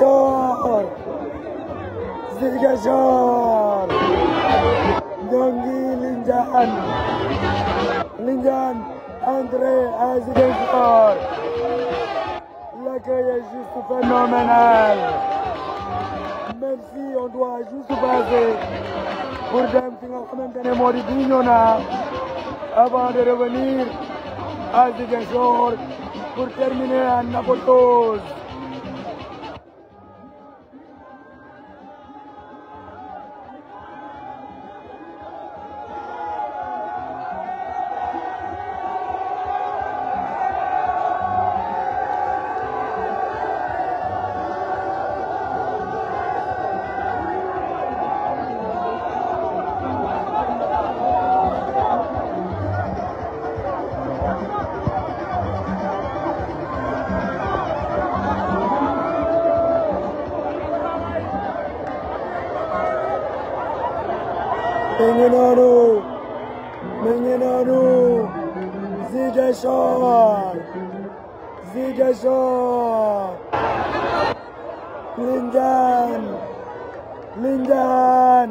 Zidgachor Zidgachor ñoo ngi Linjaan Aziz entrée l'accueil est juste phénoménal même si on doit juste passer pour dem quand même xamante ne avant de revenir à Ziguinchor pour terminer en apothéose Linjan! Linjan!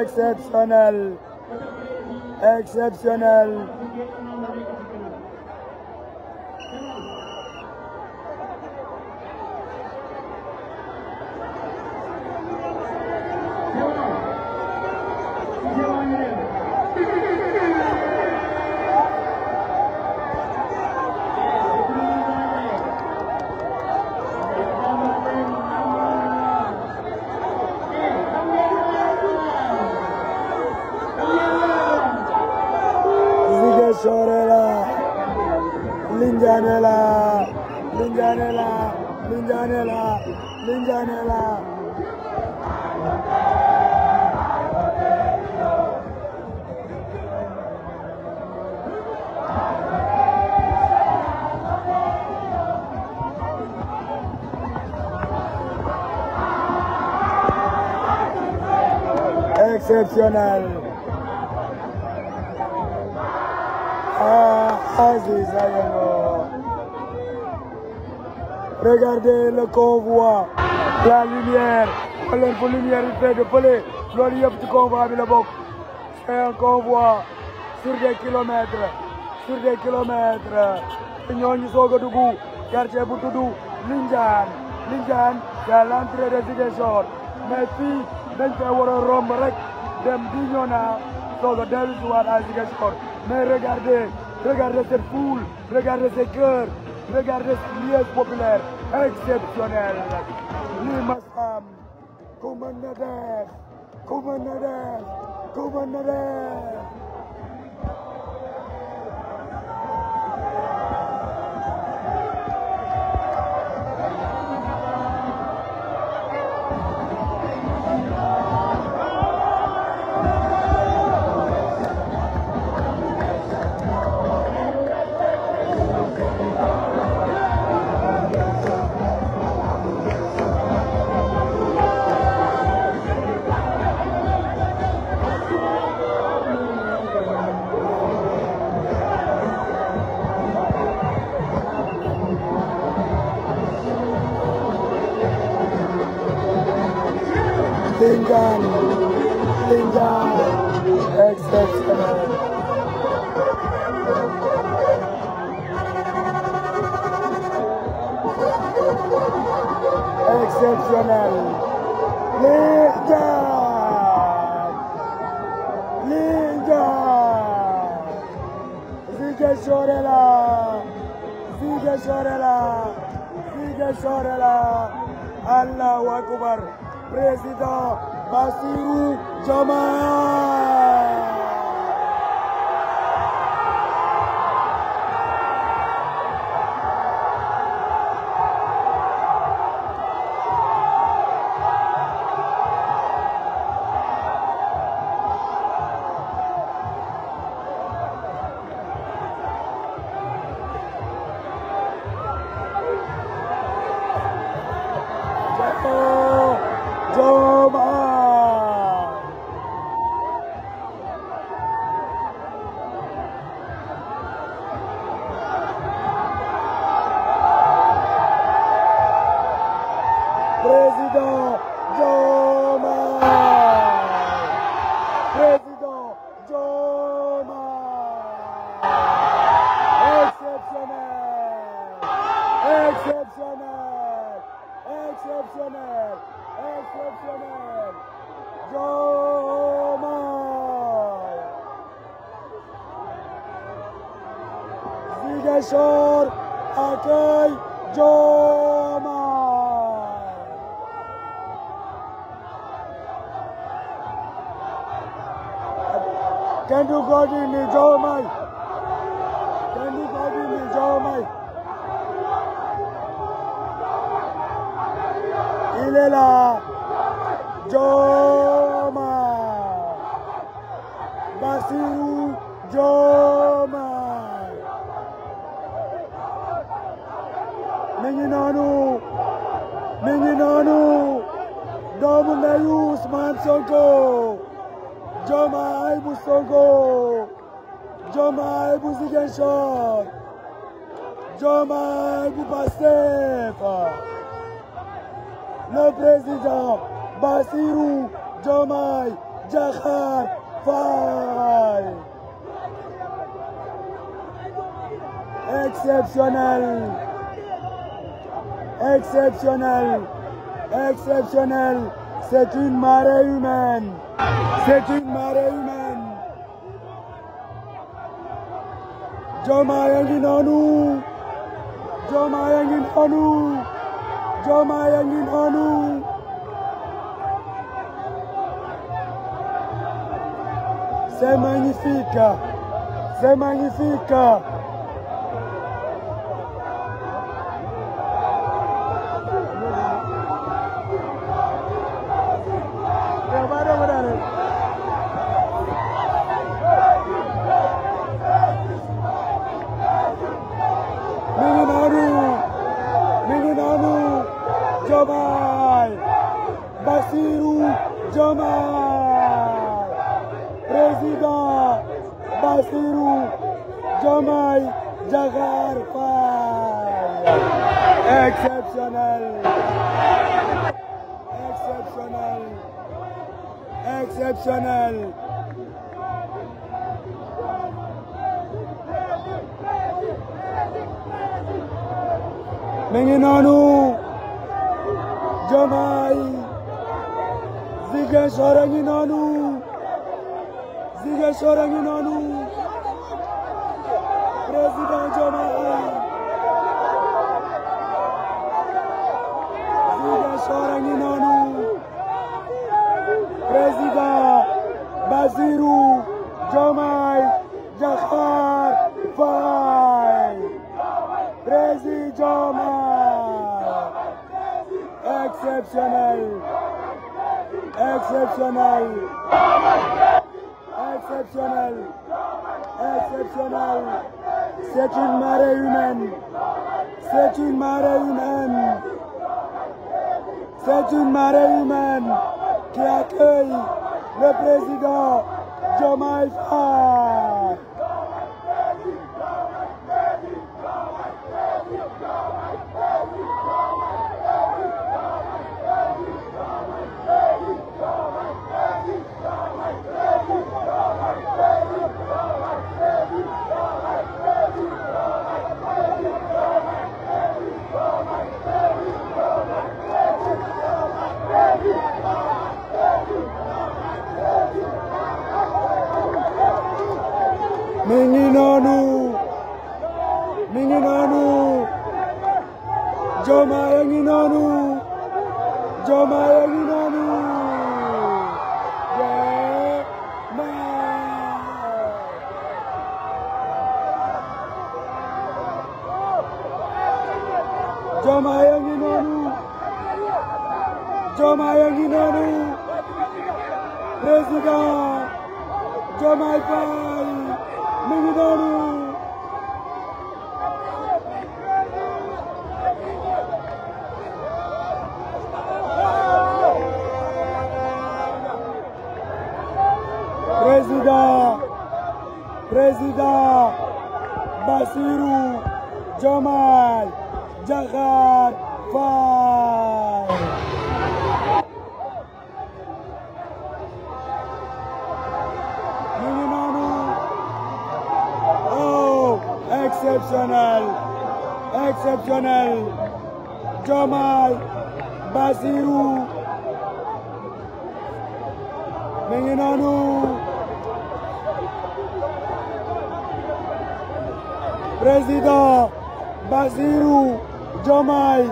Exceptional! Exceptional! exceptionnel. Ah, Aziz Ayano. Regardez le convoi, la lumière, la pour lumière, il fait de Pelé. Glorieux petit convoi bi la C'est un convoi sur des kilomètres, sur des kilomètres. ñooñu soog a dugg quartier bu tudd Linjaan Linjaan c'est l'entrée des Ziguinchor mais fii dañ fee war a romb rek. dem di ñëw naa soog a dellu si waat à Ziguinchor mais regardez regardez cette foule regardez ces cœurs regardez ce lieu populaire am ku mën na def ku mën England, England, exceptional. Exceptional. Linda, Lingard! Zige Shorela! Zige Shorela! Zige Shorela! Allahu Akbar! Président Bassirou Diomaye Seçin Mareymen. Seçin Mareymen. Jamayangi Nanu. Jamayangi Nanu. Jamayangi Nanu. C'est magnifique. C'est magnifique. رزیدا بسیرو جمال جغر فار مینامو او اکسپشنل اکسپشنل جمال بسیرو مینامو رزیدا بازیرو جمای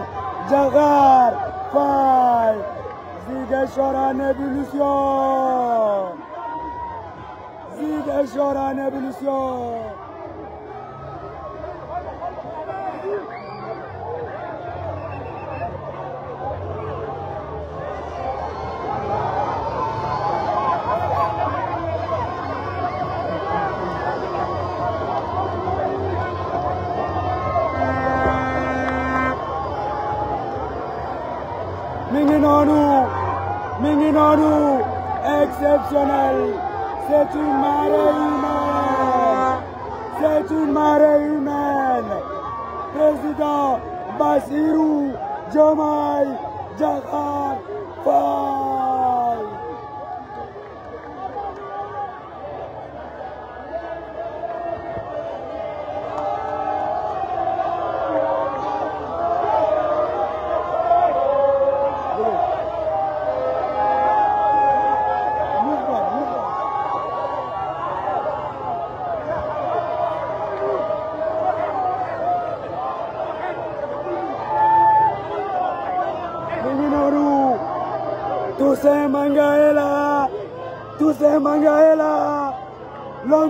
جگار فای زیگ شوران بیلوسیا زیگ شوران بیلوسیا do, man.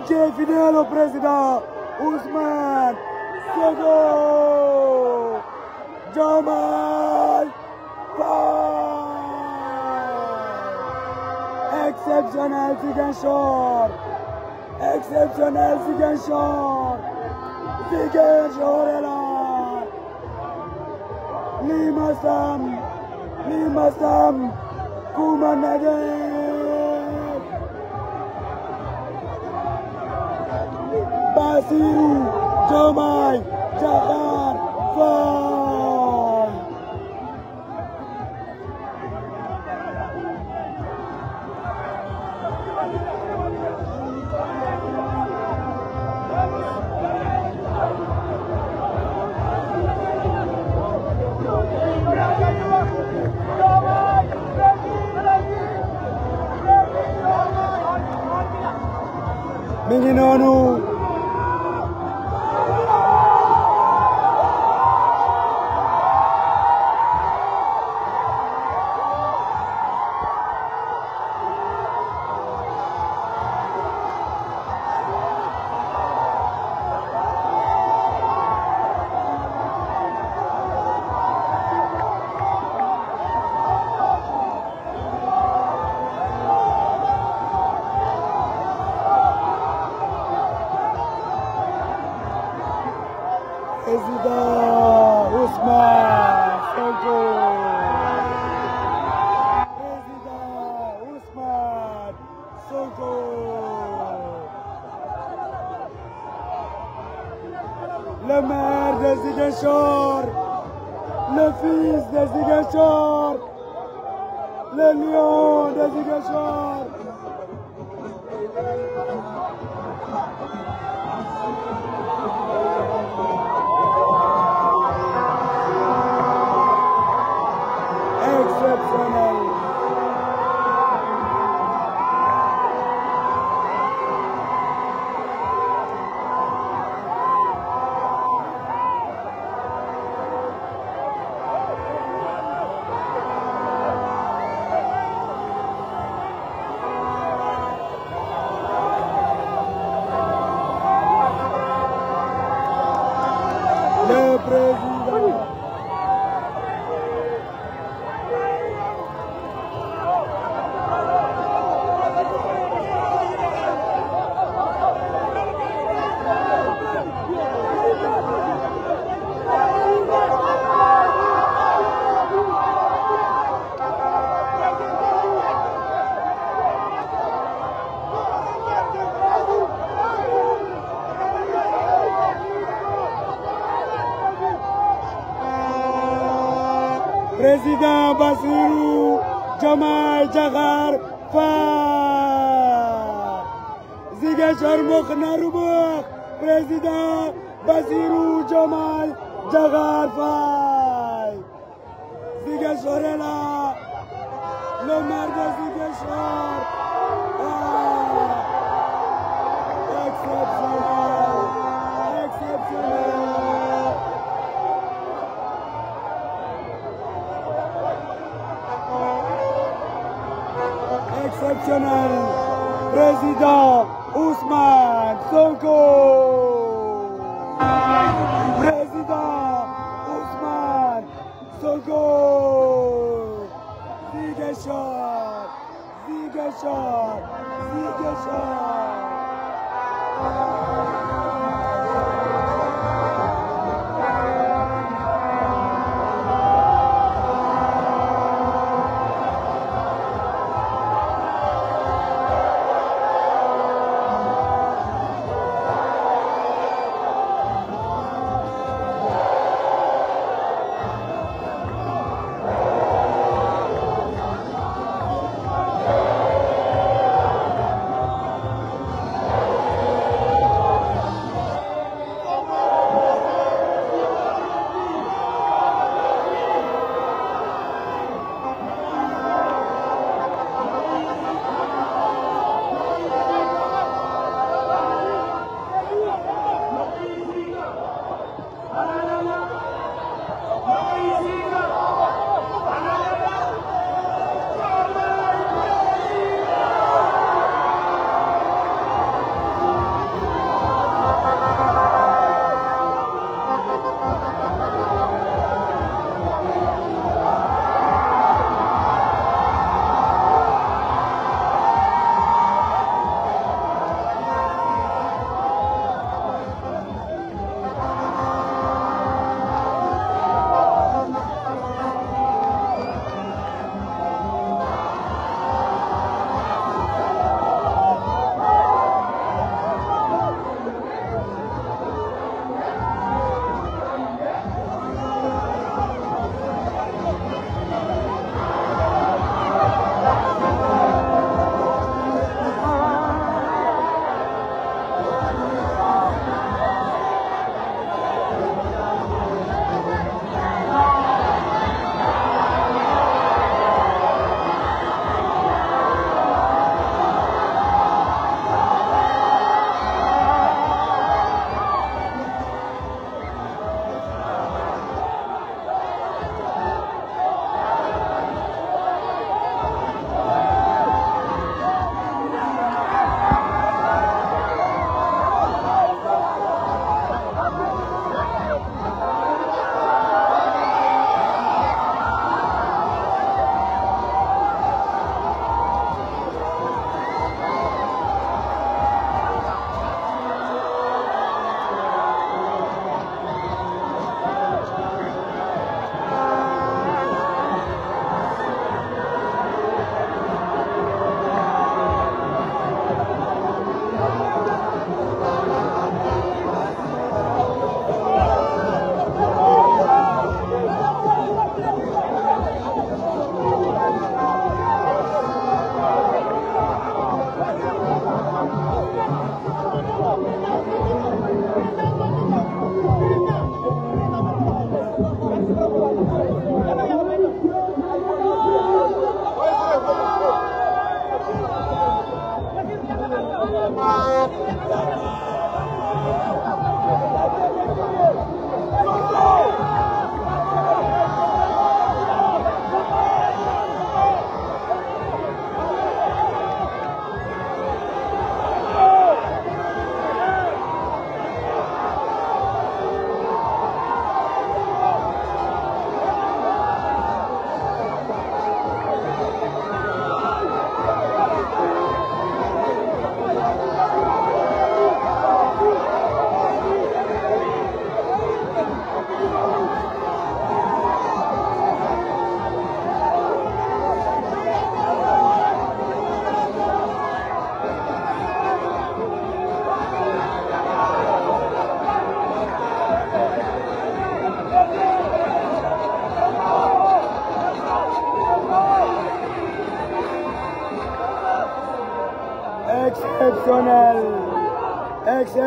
entier fidèle au président Ousmane Sonko Diomaye Faye exceptionnel Ziguinchor exceptionnel Ziguinchor Ziguinchor est là lii ma sam lii ma sam ku ma nege see you.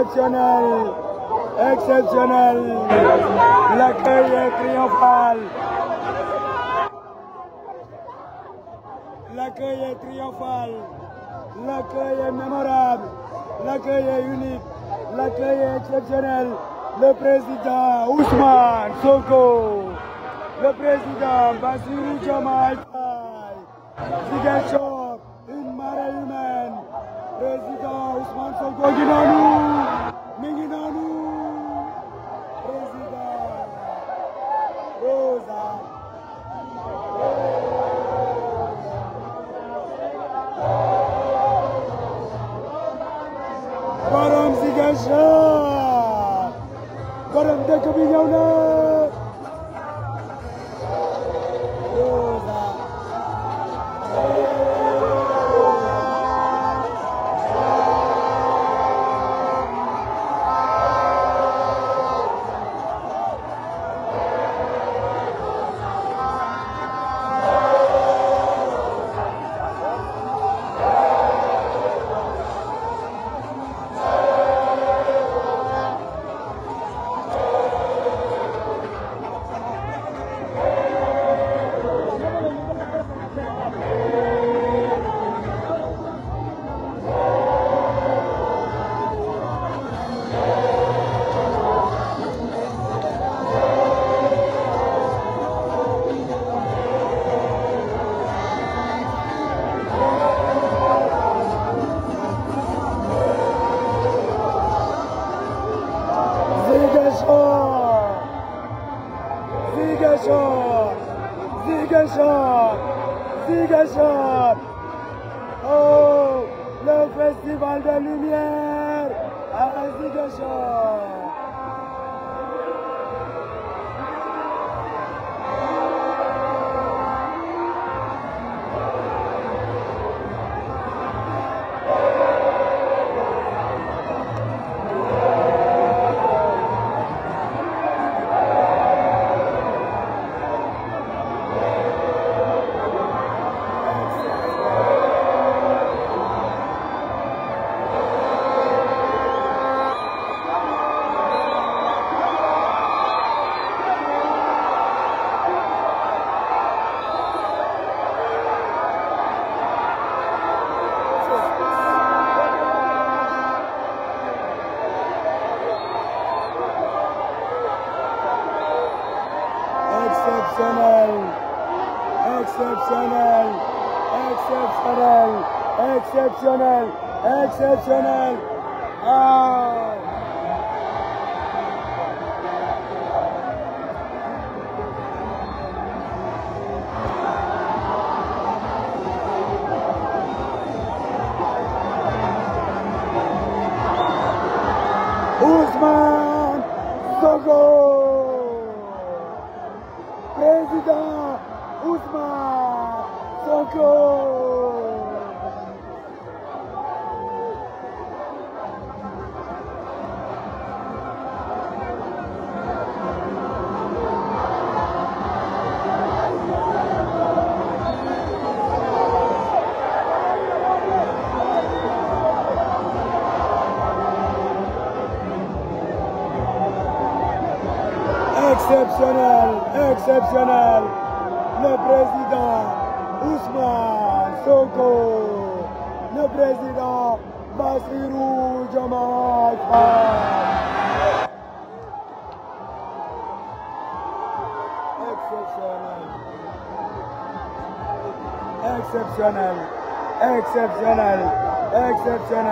exceptionnel, exceptionnel. L'accueil est triomphal. L'accueil est triomphal. L'accueil est mémorable. L'accueil est unique. L'accueil est exceptionnel. Le président Ousmane Soko, Le président Basirou Diomaye Faye. une marée humaine. Président Ousmane Sonko Sigashop Sigashop Oh, le festival de lumière à ah, Ziguinchor Jenna. Step, step.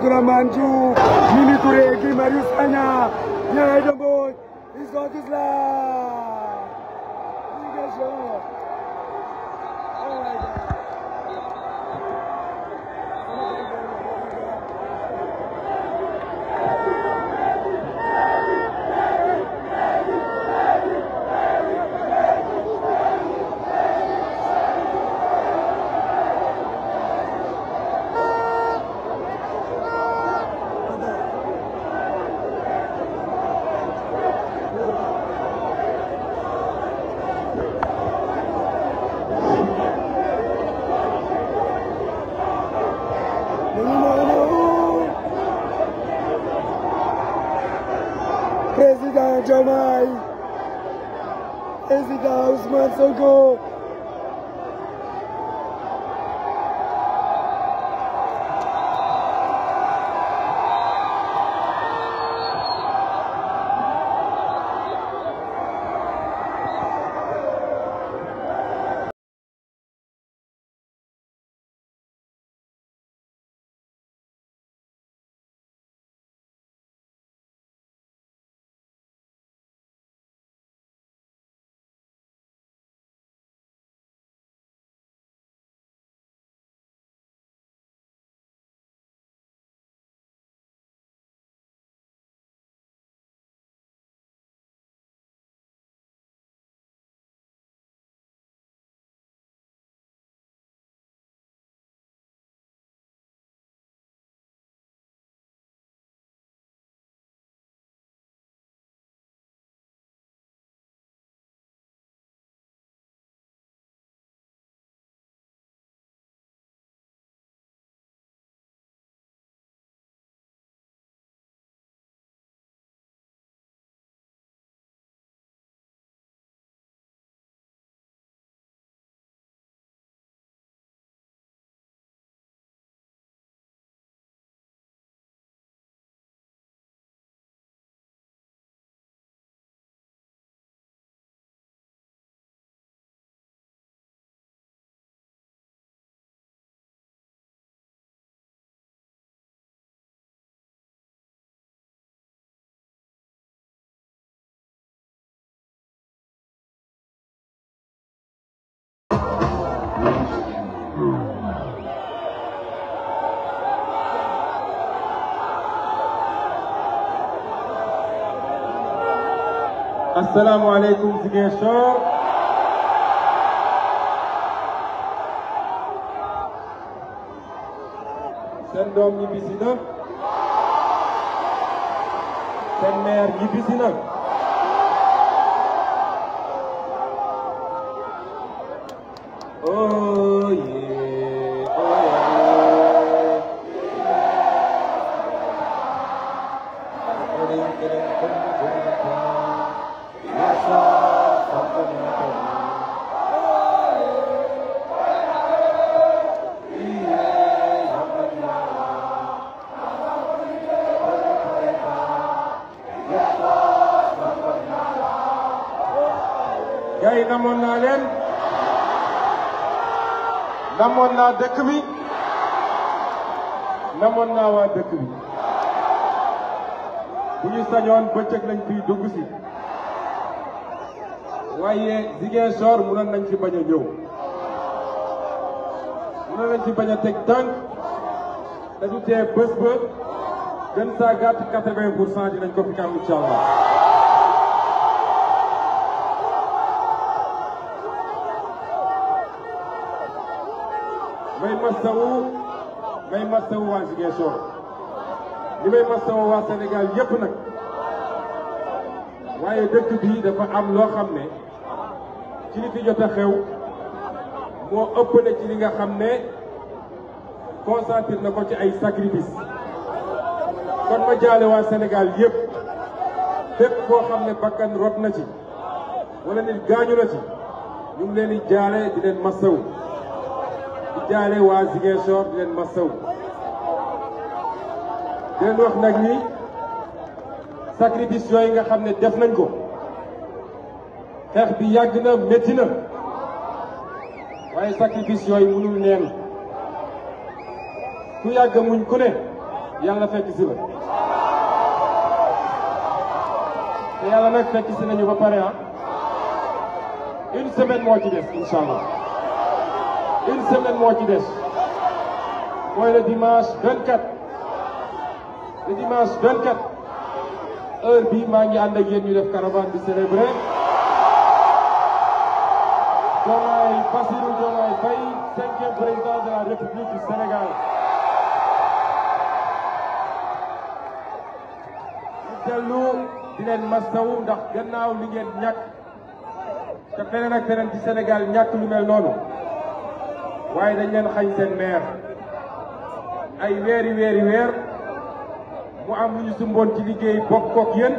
kuna manju mimi turegi marius kanya nyaido asalaamualeykum Ziguinchor seen doom ñibbisi na seen maire ñibbisi na dëkk bi namoon naa waa dëkk bi bu ñu sañoon bëccëg lañ fiy dugg si waaye Ziguinchor mënoon nañ ci bañ a ñëw mënoon nañ ci bañ a teg tànk dañu tee bés ba gën saa gàtt quatre-vingt pour cent dinañ ko fi kam incha masawu may masawu waa Ziguinchor li may masawu waa Sénégal yépp nag waaye dëkk bi dafa am loo xam ne ci li fi jot a xew moo ëpp na ci li nga xam ne concentré na ko ci ay sacrifice kon ma jaale waa Sénégal yépp fépp koo xam ne bakkan rot na ci wala nit gaañu na ci ñu ngi leen di jaale di leen masawu jaale waa Ziguinchor di leen masaw di leen wax nag ni sacrifice yooyu nga xam ne def nañ ko xeex bi yàgg na métti waaye sacrifice yooyu mënul neen ku yàgg muñ ku ne yàlla fekk si la te yàlla nag fekk si nañu ba pare ah une semaine moo ci des incha allah une semaine moo ci des mooy le dimanche 24 le dimanche 24 heure bii maa ngi ànd ak yéen ñu def caravane bi célébrer Diomaye Bassirou Diomaye Faye cinquième président de la République du Sénégal ñu dellu di leen masawu ndax gannaaw li ngeen ñàkk te feneen ak feneen Sénégal ñàkk lu mel waaye dañ leen xañ seen maire ay weeri weeri weer mu am lu ñu sumboon ci liggéey bokk kook yéen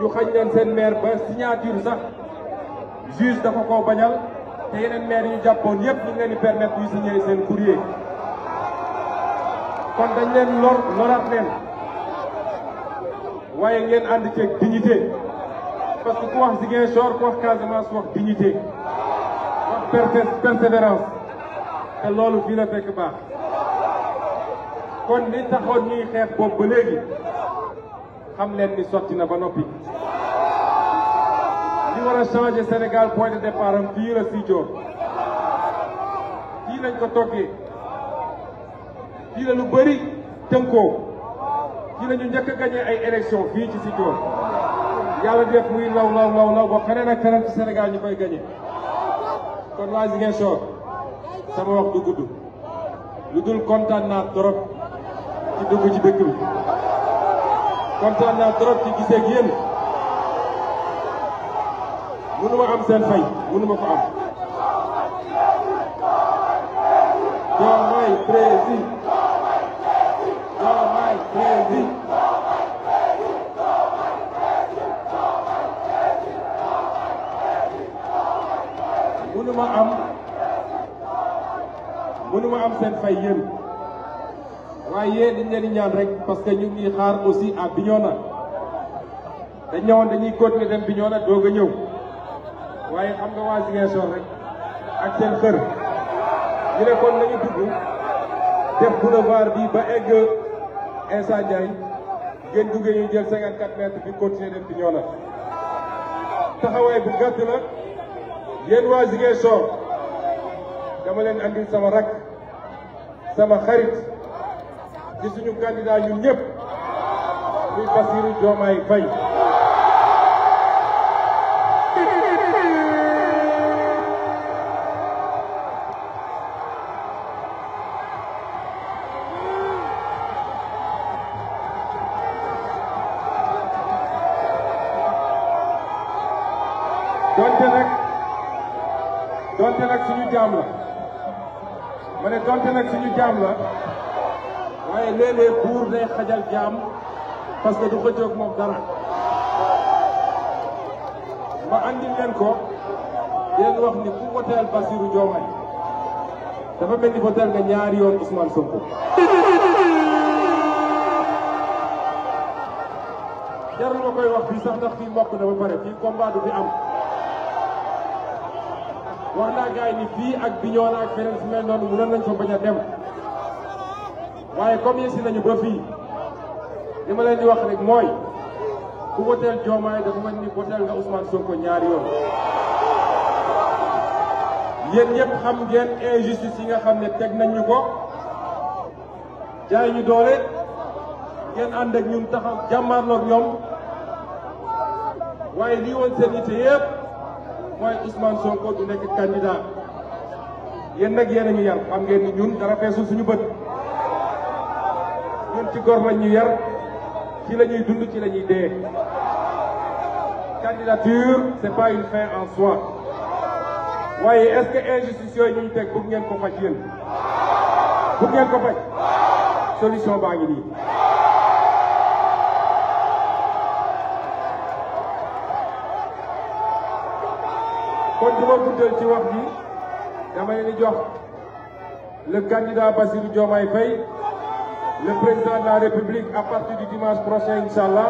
ñu xañ leen seen meer ba signature sax juge dafa ko bañal te yeneen maire yu jàppoon yépp ñu ngi leen di permettre ñu signer seen courrier kon dañ leen lor loraat leen waaye ngeen ànd ceeg dignité parce que ku wax Ziguinchor ku wax Casamance wax dignité perseverança. Ela loolu fii la fekk baax kon li taxoon ñuy xeex boobu ba léegi xam leen ni sotti na ba noppi li war a changer Sénégal point de départ am fii la Sidior fii lañ ko toggee fii la lu a tënkoo fii la ñu njëkk a gagné ay élection fii ci Sidior yàlla def muy law law law law ba keneen ak keneen ci Sénégal ñu koy gagné kon waa Ziguinchor sama wax du gudd lu dul kontaan naa trop ci dugg ci dëkk bi kontaan naa trop ci gisee ak yéen mënuma am seen fay mënuma ko am. am seen fay yéen waaye dañ leen ñaan rek parce que ñu ngi xaar aussi à Bignona dañ ñëwoon dañuy continuer dem Bignona doog a ñëw xam nga waa Ziguinchor rek ak seen xër ñu ne kon nañu dugg def boulevard bi ba egg Insa Ndiaye ngeen duggee ñu jël 54 mètres bi continuer dem Bignona taxawaay bu gàtt la yéen waa Ziguinchor dama leen andil sama rakk sama xarit di suñu candidat ñun ñëpp muy Bassirou suñu jaam ne donte nag suñu jaam la waaye léeg buur day xajal jaam parce que du xëccoog moom dara ma andil leen ko leen wax ni ku woteel Bassirou Diomaye dafa mel ni woteel nga ñaari yoon Ousmane Sonko jarul ma koy wax fii sax ndax fii mbokk na ba pare fii combat du fi am wax naa gars yi ni fii ak Bignona ak feneen si mel noonu mënoon nañ fa bañ dem waaye comme yegsi nañu ba fii li ma leen di wax rek mooy ku woteel Diomaye dafa mel ni woteel nga Ousmane Sonko ñaari yoon. yéen ñëpp xam ngeen injustice yi nga xam ne teg nañ ñu ko jaay ñu doole ngeen ànd ak ñun taxaw jàmmaarloog ñoom waaye lii woon seen yitte yëpp. mooy Ousmane Sonko du nek candidat yéen nag yéen ñu yar xam ngeen ni ñun dara feesul suñu bët ñun ci gor lañu yar ci lañuy dund ci lañuy dé candidature c'est pas une fin en soi waye est-ce que injustice yooyu ñu tek bu ngeen ko faj yéen bëgg ngeen ko faj solution baangi ni kon du ma guddal ci wax ji dama leen di jox le candidat Bassirou Diomaye Faye le président de la République à partir du dimanche prochain incha allah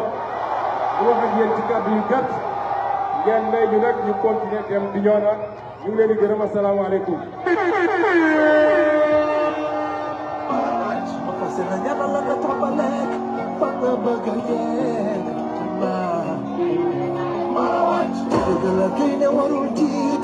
bu wax ak yéen ci kàddu yu gàtt ngeen may ñu nag ñu continuer dem di ñu la Tagalagay na walutit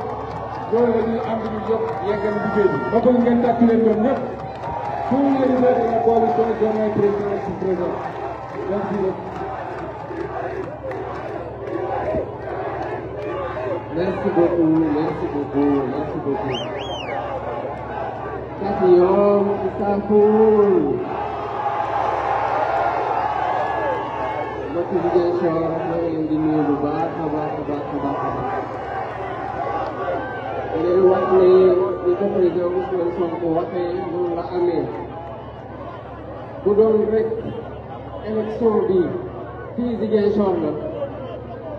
loolu la ñuy ànd ñu jóg yeggal liggéey bi ba bëgg ngeen tàkk leen ñoom ñëpp tous les leaders de la coalition Diomaye président ci présent di nuyu bu baax a a a a leen wax ne li ko président Ousmane Sonko waxee noonu la amee bu doon rek élection bi fii Ziguinchor la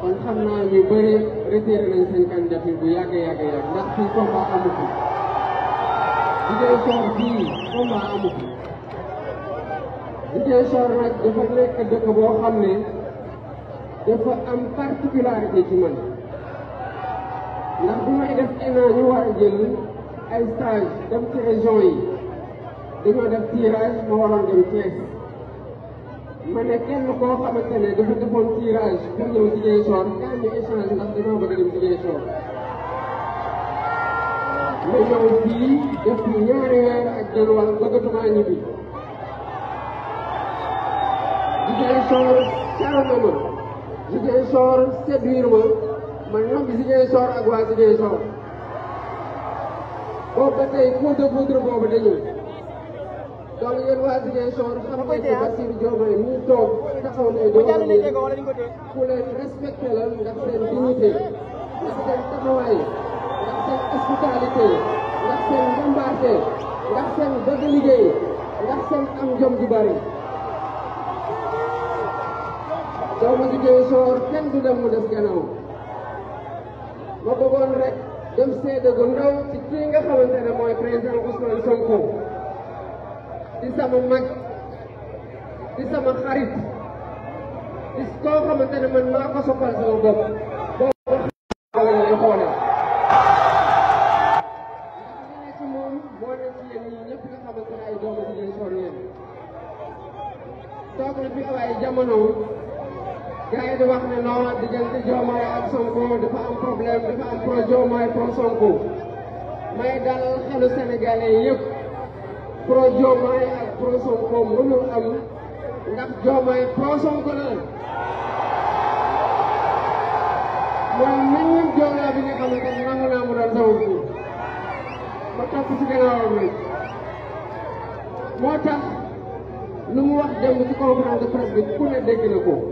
kon xam naa ñu bëri retiré nañ seen candidature bu yàgg yàgg yàgg ndax fii combat amu fi Ziguinchor fii combat amu fi Ziguinchor dafa nekk dëkk boo xam ne dafa am particularité ci man ndax bu may def élan ñu war a jël ay stage dem ci région yi dañoo def tirage ma waroon dem Thiès ma ne kenn koo xamante ne dafa defoon tirage pour ñëw Ziguinchor kaa ñu échange ndax dañoo bëgg a dem Ziguinchor ma ñëw fii def ñaari weer ak genn wàll bëggatuma ñibbi Ziguinchor caw na ma Ziguinchor séduire ma man nangu Ziguinchor ak waa Ziguinchor boobu ba tey boobu dañu donc yéen waa Ziguinchor xam ngeen ne Bassirou leen respecté la ndax seen dignité ndax seen taxawaay ndax liggéey ndax bari doomu Ziguinchor kenn du dem mu des gannaaw ma bëggoon rek dem seede gu ci kii nga xamante ne mooy président Ousmane Sonko di sama mag di sama xarit di koo xamante ne man maa ko soppal sama bopp boo ko xamante xoole ci moom boo ne fi ay jamono gaa yi di wax ne non diggante Diomaye ak Sonko dafa am problème dafa am pro Diomaye pro Sonko may dal xelu sénégalais yëpp pro ak pro Sonko mënul am ndax Diomaye pro bi moo tax lu mu wax démb ci conférence de ku ne dégg na ko.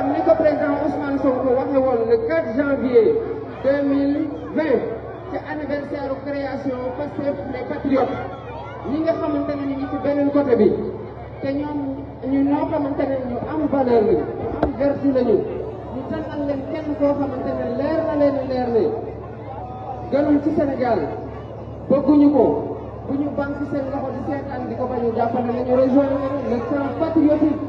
kon ni ko président Ousmane Sonko waxe woon le 4 janvier 2020 ci anniversaire création Pastef les patriotes ñi nga xamante ne ñu ci beneen côté bi te ñoom ñu ñoo xamante ne ñu am valeur lañu ñu am ñu tànnal leen kenn koo xamante leer na leen leer ne gënul ci senegal bëgguñu ko bu ñu banque seen loxo di seetaan di ko bañ a jàppale nañu rejoindre le camp patriotique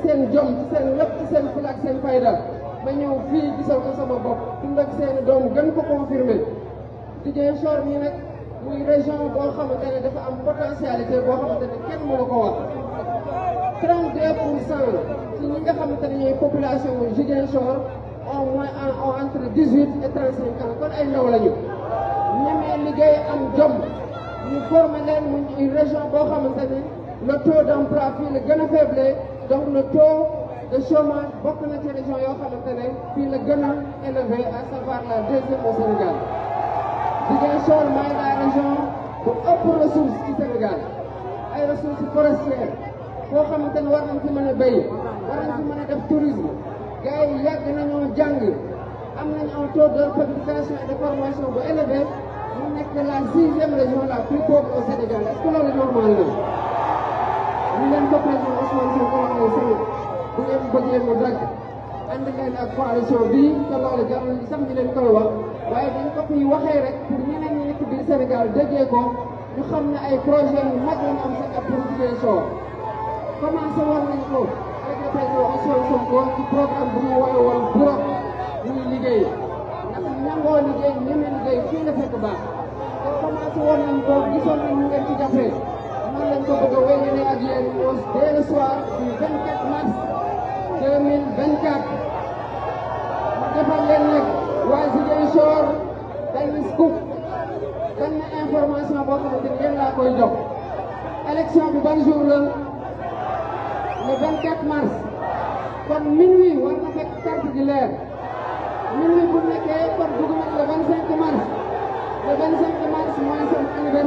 ci seen jom ci sen lépp ci sen fulla sen fayda ma ñew fi gisal ko sama bopp dund ak seen doom gën ko confirmer Ziguinchor mii nak muy région boo xamantene dafa am potentialité bo xamantene kenn mënu ko wax 32 ci ñi nga xamante ne ñooy population Ziguinchor au moins en, entre 18 et 35 ans kon ay ndaw lañu ñemee liggéey am jom ñu former leen mu région boo xamantene le taux d'emploi fi le gën a faible donc le taux de chômage bokk na ci région yoo xamante ne fii la gën a élevé à savoir la deuxième au Sénégal Ziguinchor mooy la région bu ëpp ressource ci Sénégal ay ressources forestières foo xamante ne war nañ fi mën a béy war nañ fi mën a def tourisme gars yi yàgg nañoo jàng am nañ un taux de qualification et de formation bu élevé mu nekk la sixième région la plus pauvre au Sénégal est-ce que loolu normal la bu leen toppee ñoom Ousmane Sonko waxee sëriñ bu ngeen bëggee mu dagg ànd leen ak coalition bi te loolu jarul sax ñu leen koy wax waaye dañ ko fiy waxee rek pour ñeneen ñi nekk biir Sénégal déggee ko ñu xam ne ay projet yu mag lañ am sax ak pour Ziguinchor commencé woon nañ ko avec le président Ousmane Sonko ci programme bu ñu woowe woon buroog muy liggéey ndax nangoo liggéey ñeme liggéey fii la fekk baax te commencé woon nañ ko gisoon nañ ñu ngeen ci jafee noonu lañ ko bëgg a ak yéen au dès soir du 24 mars 2024. ma defal leen nag waa Ziguinchor benn scoop benn information boo xamante ni yéen laa koy jox. élection bi ban jour la mars kon minuit war fekk carte di minuit bu nekkee kon dugg nag le 25 mars. Mengajak teman semua yang konsen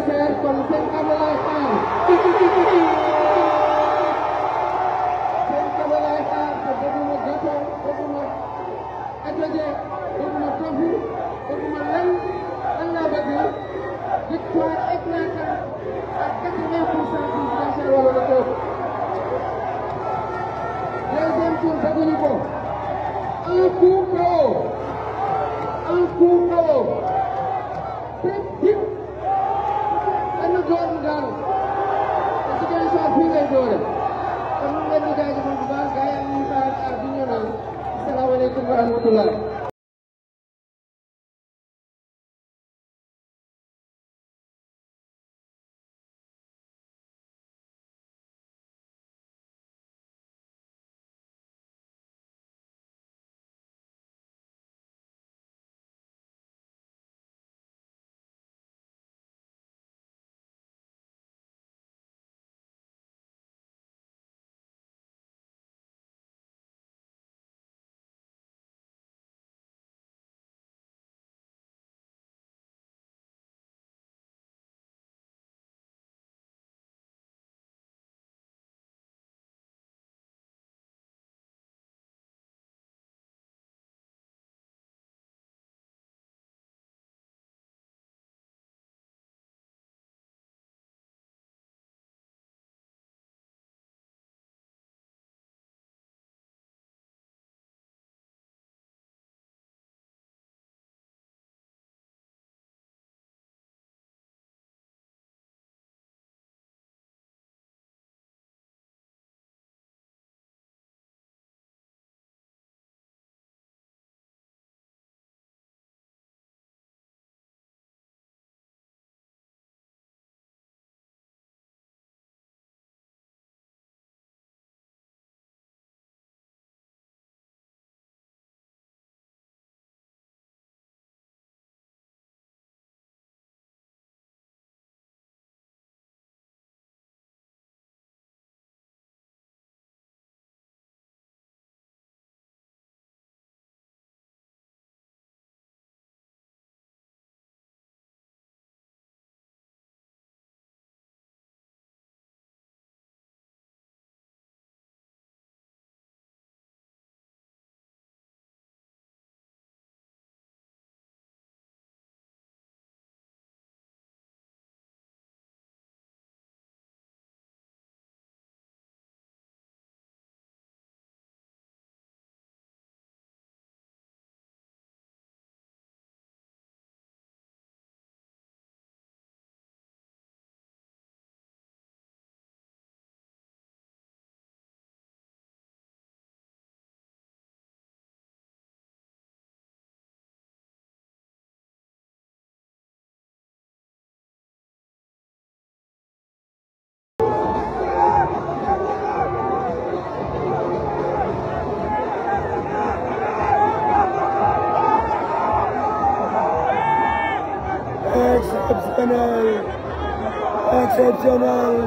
Exceptional.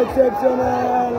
Exceptional.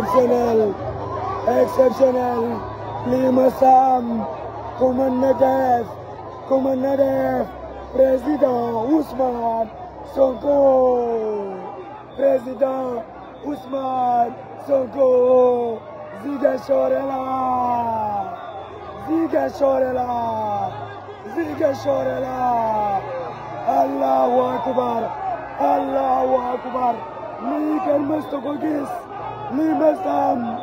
اكسبشنال اكسبشنال لما سام كما النجاف كما النجاف بريزيدان عثمان سونكو بريزيدان عثمان سونكو زيكا شورلا زيكا شورلا زيكا شورلا الله اكبر الله اكبر ميكا المستقبل l'IMESAM,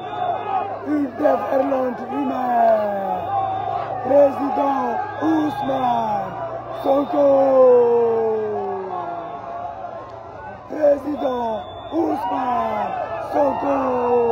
UDF Erland Humain, Präsident Ousmane Sonko. Präsident Ousmane Sonko.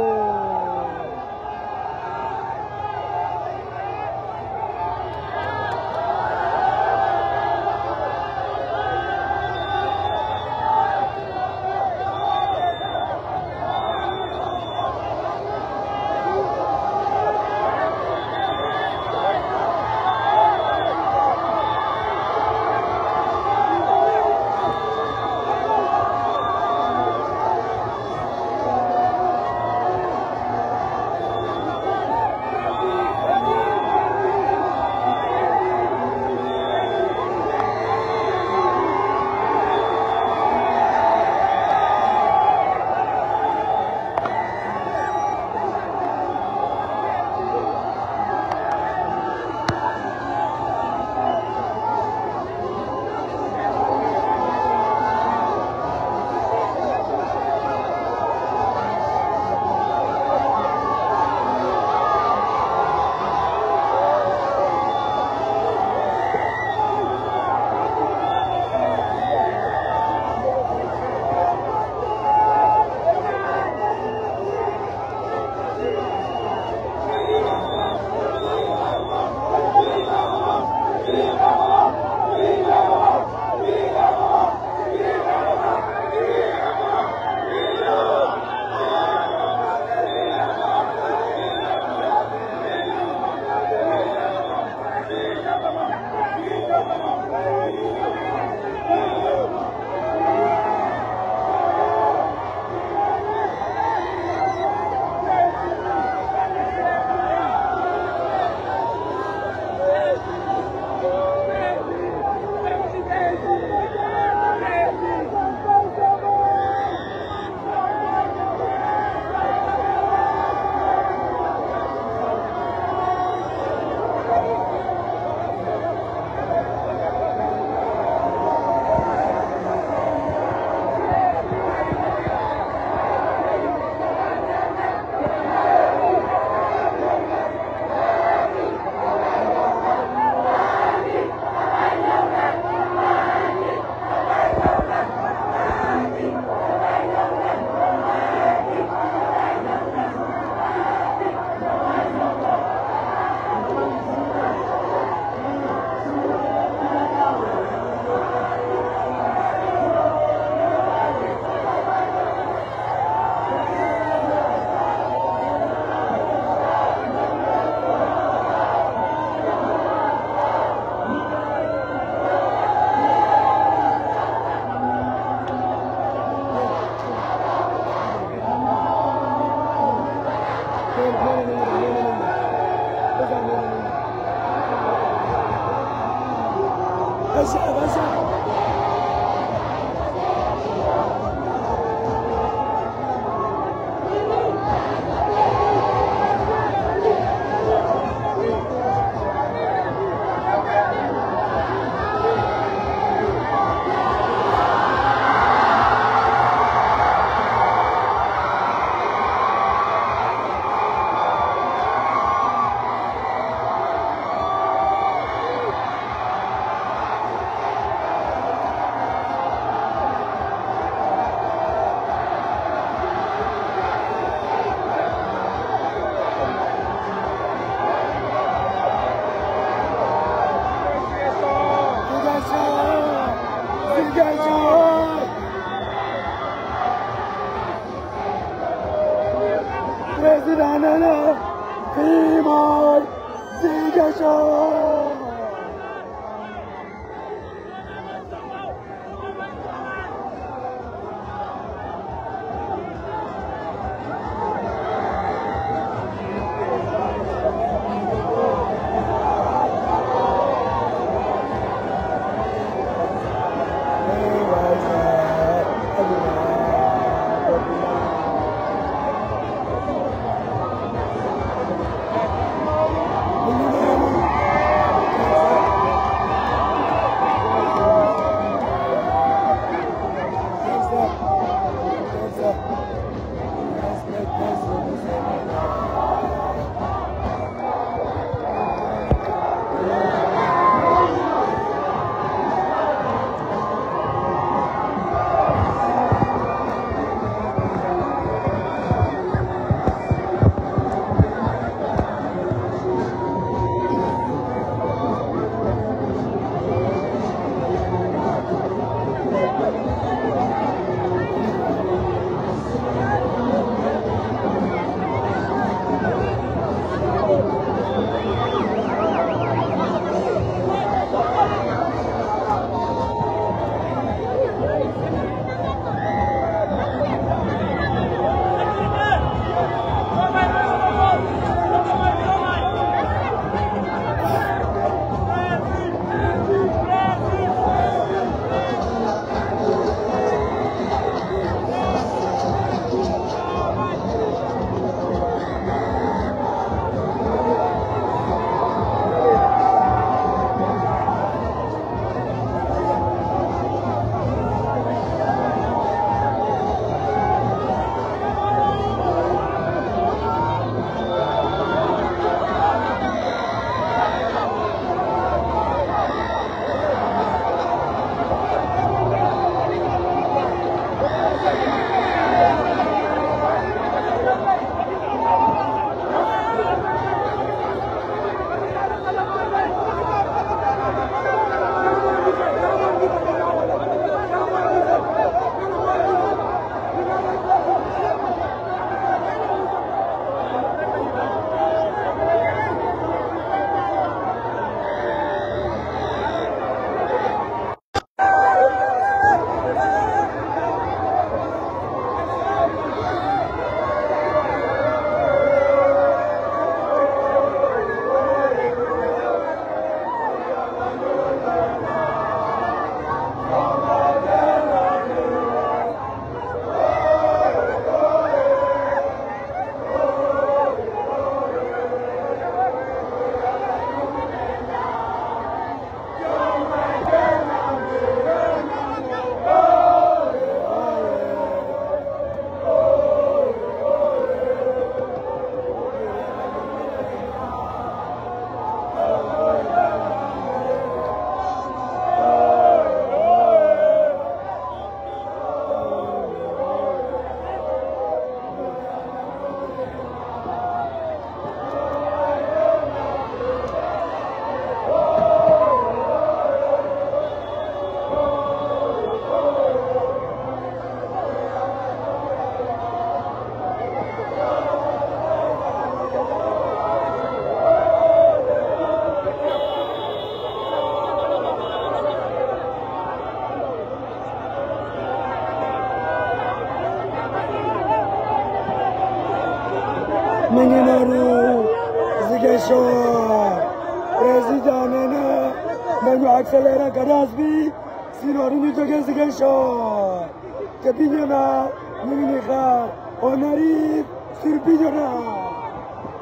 Crazy John, Nana. Then you accelerate a Gadasby. See, or you took us against your Capinella, Munica, Honorif, Surpidona.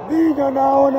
Be your now,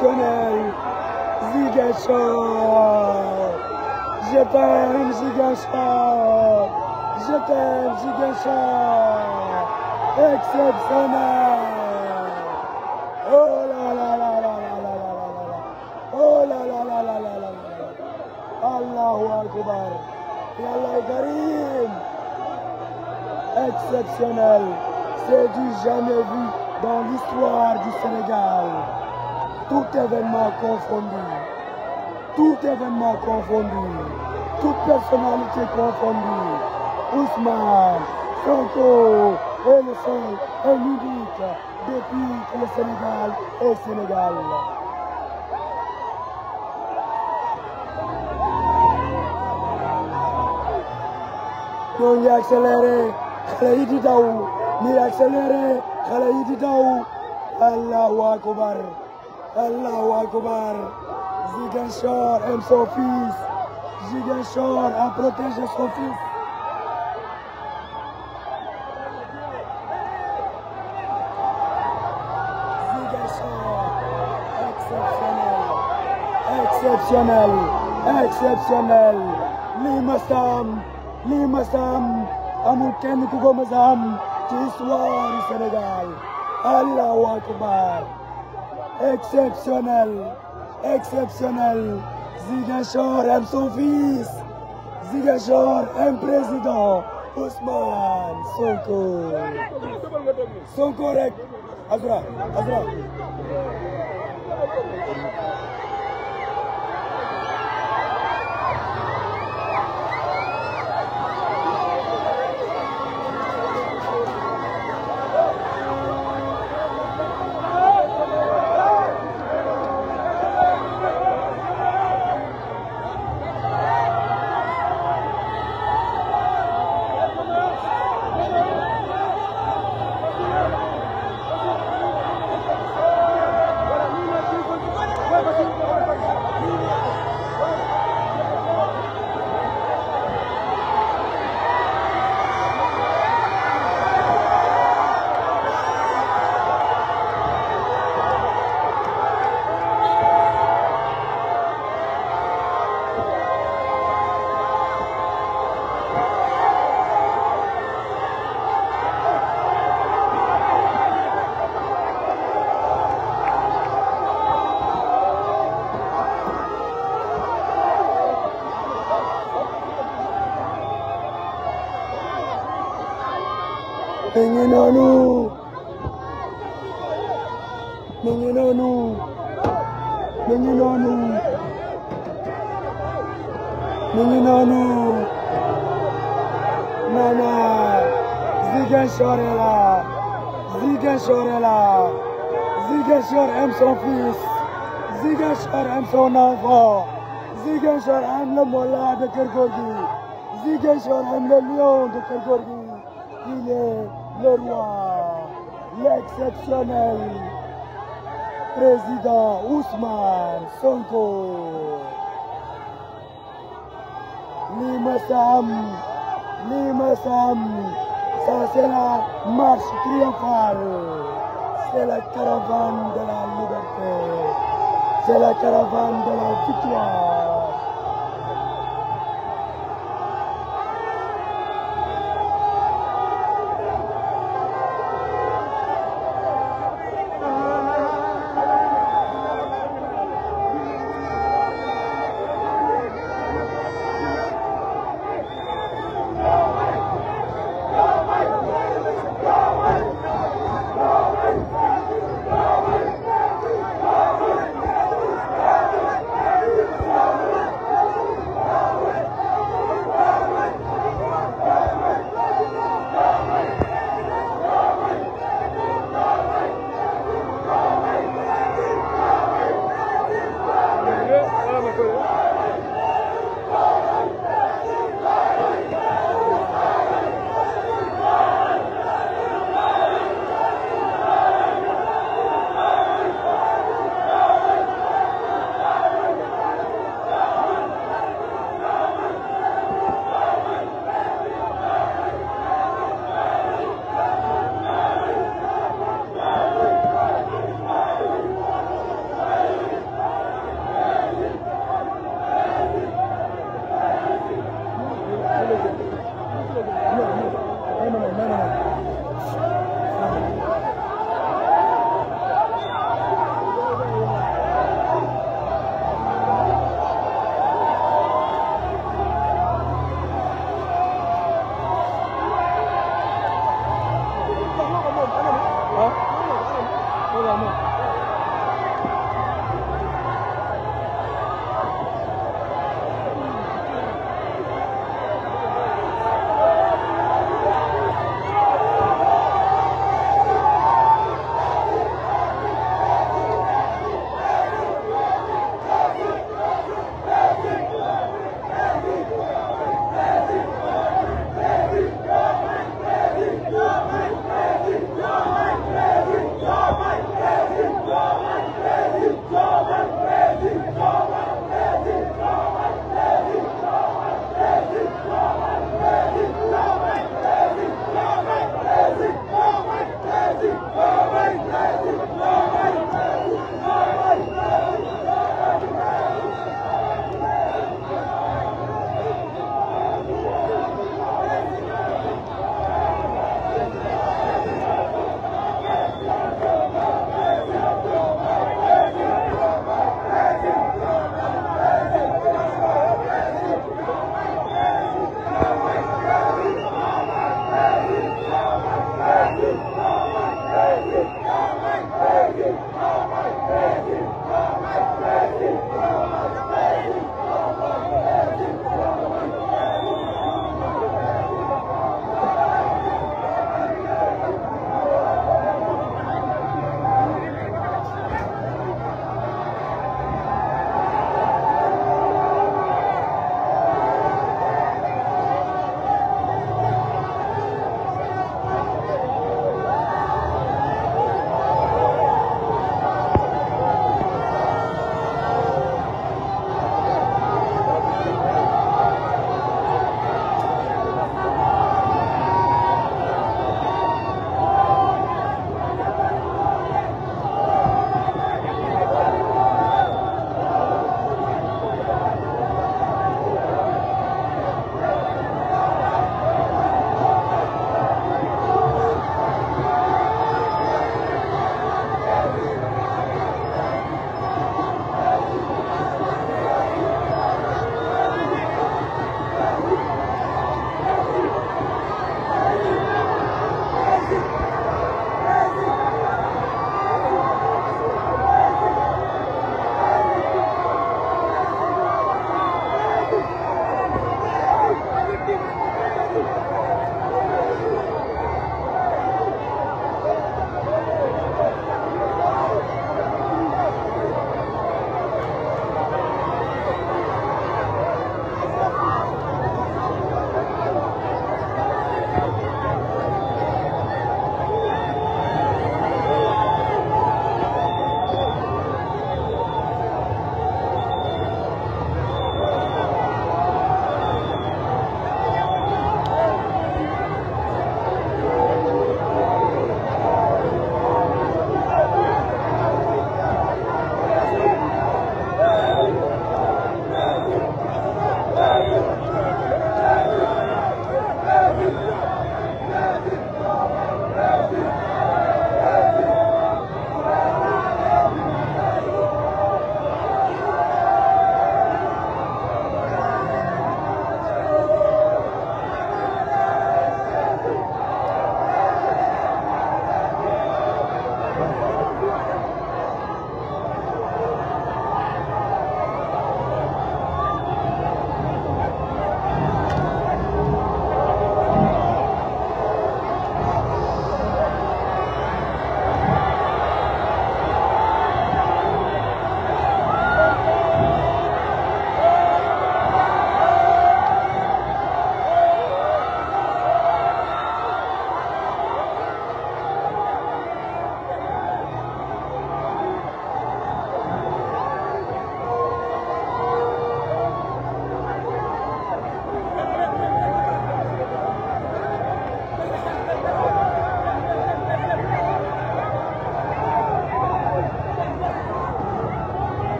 exceptionnel. j'étais Je t'aime, Je t'aime, Exceptionnel. Oh là là là là là là là là là. Oh là là là là là là là. Allahu Akbar. Exceptionnel. C'est du jamais vu dans l'histoire du Sénégal tout événement confondu, tout événement confondu, toute personnalité confondue, Ousmane, Franco et le seul et l'unique depuis le Sénégal est Sénégal. Nous, y accélérons, nous accélérons, nous accélérons, nous accélérons, nous accélérons, allahu akbar الله أكبر Ziganchor aime son fils. Ziganchor a protégé son fils. Ziganchor, exceptionnel. Exceptionnel. Exceptionnel. Lii ma saam. Lii ma saam. Amul kenn ku ko ma saam ci histoire du Sénégal. Allahu akbar. Exceptionnel. Exceptionnel. Zigachor, aime son fils. Zigachor, aime président. Ousmane Sonko. corps est Azra, son enfant. Ziguinchor aime le Mola de Kergorgi. Ziguinchor le lion de Kergorgi. Il est le roi, l'exceptionnel président Ousmane Sonko. Limassam, Limassam, ça c'est la marche triomphale, c'est la caravane de la liberté. C'est la caravane de la victoire.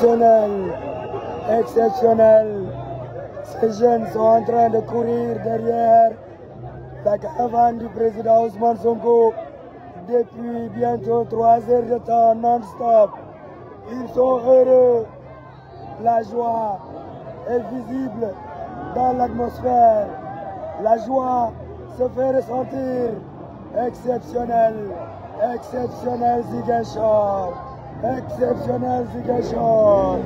exceptionnel, exceptionnel. Ces jeunes sont en train de courir derrière la caravane du président Ousmane Sonko depuis bientôt trois heures de temps non-stop. Ils sont heureux. La joie est visible dans l'atmosphère. La joie se fait ressentir. Exceptionnel, exceptionnel Ziguinchor exceptionnel Ziguinchor.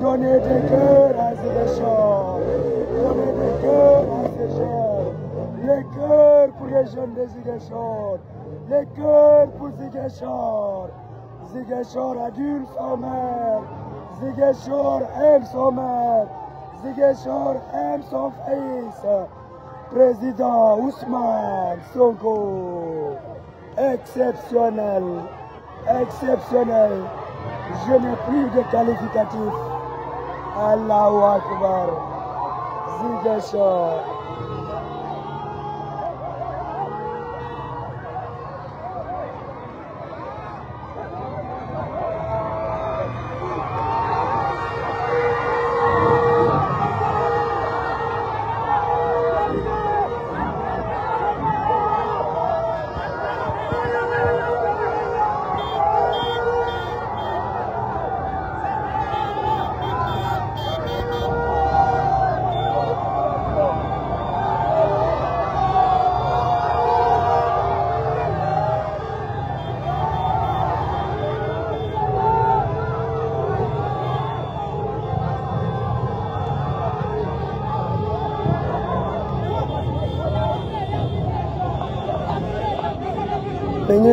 Donnez des cœurs à Ziguinchor. Donnez des cœurs à ces Les cœurs pour les jeunes de Ziguinchor. Les cœurs pour Ziguinchor. Ziguinchor adulte son mère. Ziguinchor aime son mère. Ziguinchor aime son fils. Président Ousmane Sonko. Exceptionnel exceptionnel. Je n'ai plus de qualificatif. Allahu Akbar.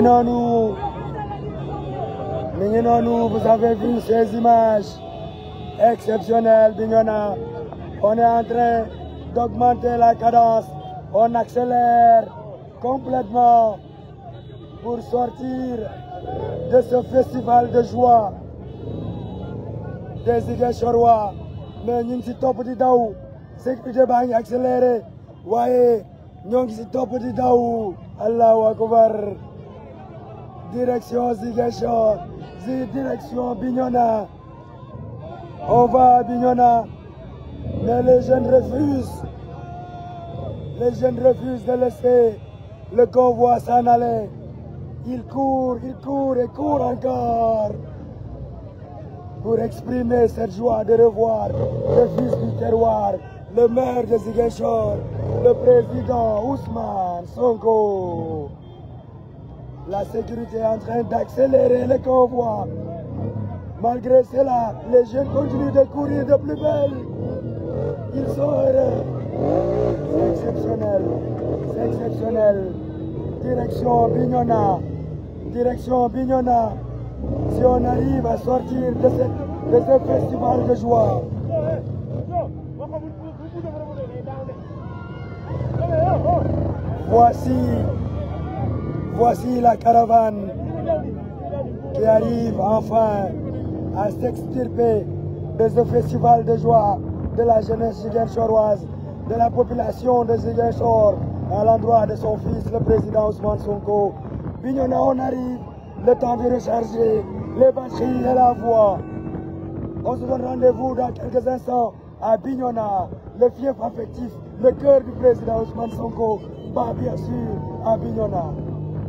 nous. nous, vous avez vu ces images exceptionnelles d'Yona. on est en train d'augmenter la cadence on accélère complètement pour sortir de ce festival de joie des Chorois. mais nous sommes top topp di daw nous accéléré waaye ñoo ngi de direction Ziguinchor, direction Bignona. On va à Bignona, mais les jeunes refusent. Les jeunes refusent de laisser le convoi s'en aller. Ils courent, ils courent et courent encore pour exprimer cette joie de revoir le fils du terroir, le maire de Ziguinchor, le président Ousmane Sonko la sécurité est en train d'accélérer les convois. Malgré cela, les jeunes continuent de courir de plus belle. Ils sont heureux. C'est exceptionnel. C'est exceptionnel. Direction Bignona. Direction Bignona. Si on arrive à sortir de, de ce festival de joie. Voici Voici la caravane qui arrive enfin à s'extirper de ce festival de joie de la jeunesse choroise, de la population de Ziguinchor à l'endroit de son fils, le président Ousmane Sonko. Bignona, on arrive, le temps de recharger les batteries et la voix. On se donne rendez-vous dans quelques instants à Bignona, le fief affectif, le cœur du président Ousmane Sonko, pas bah, bien sûr à Bignona.